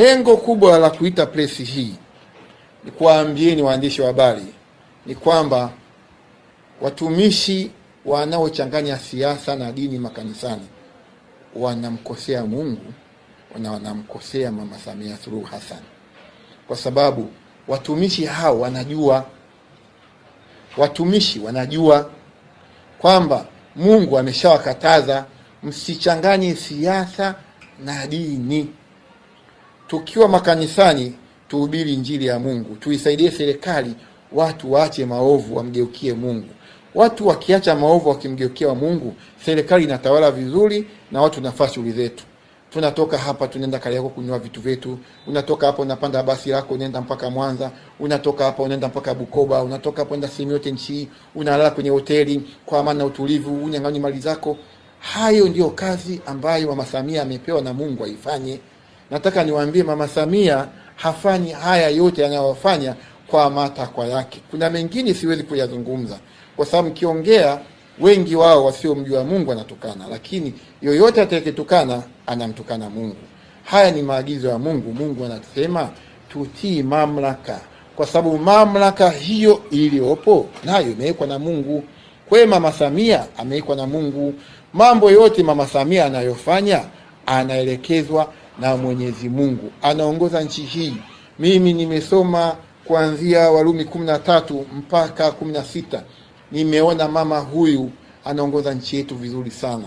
Lengo kubwa la kuita presi hii ni kuwaambieni waandishi wa habari ni kwamba watumishi wanaochanganya siasa na dini makanisani wanamkosea Mungu na wanamkosea Mama Samia Suluhu Hassan, kwa sababu watumishi hao wanajua, watumishi wanajua kwamba Mungu ameshawakataza msichanganye siasa na dini tukiwa makanisani tuhubiri injili ya Mungu, tuisaidie serikali, watu waache maovu, wamgeukie Mungu. Watu wakiacha maovu, wakimgeukia wa Mungu, serikali inatawala vizuri na watu nafaa shughuli zetu. Tunatoka hapa tunaenda kali yako kunywa vitu vyetu, unatoka hapa unapanda basi lako unaenda mpaka Mwanza, unatoka hapa unaenda mpaka Bukoba, unatoka hapa unaenda sehemu yote nchi hii, unalala kwenye hoteli kwa amana na utulivu, unyang'anyi mali zako. Hayo ndiyo kazi ambayo Mama Samia amepewa na Mungu aifanye. Nataka niwaambie Mama Samia hafanyi haya yote anayofanya kwa matakwa yake. Kuna mengine siwezi kuyazungumza kwa sababu kiongea wengi wao wasiomjua Mungu anatukana, lakini yoyote atakayetukana anamtukana Mungu. Haya ni maagizo ya Mungu. Mungu anasema tutii mamlaka, kwa sababu mamlaka hiyo iliyopo nayo imewekwa na Mungu. Kwe Mama Samia amewekwa na Mungu. Mambo yote Mama Samia anayofanya anaelekezwa na Mwenyezi Mungu, anaongoza nchi hii. Mimi nimesoma kuanzia Warumi kumi na tatu mpaka kumi na sita. Nimeona mama huyu anaongoza nchi yetu vizuri sana.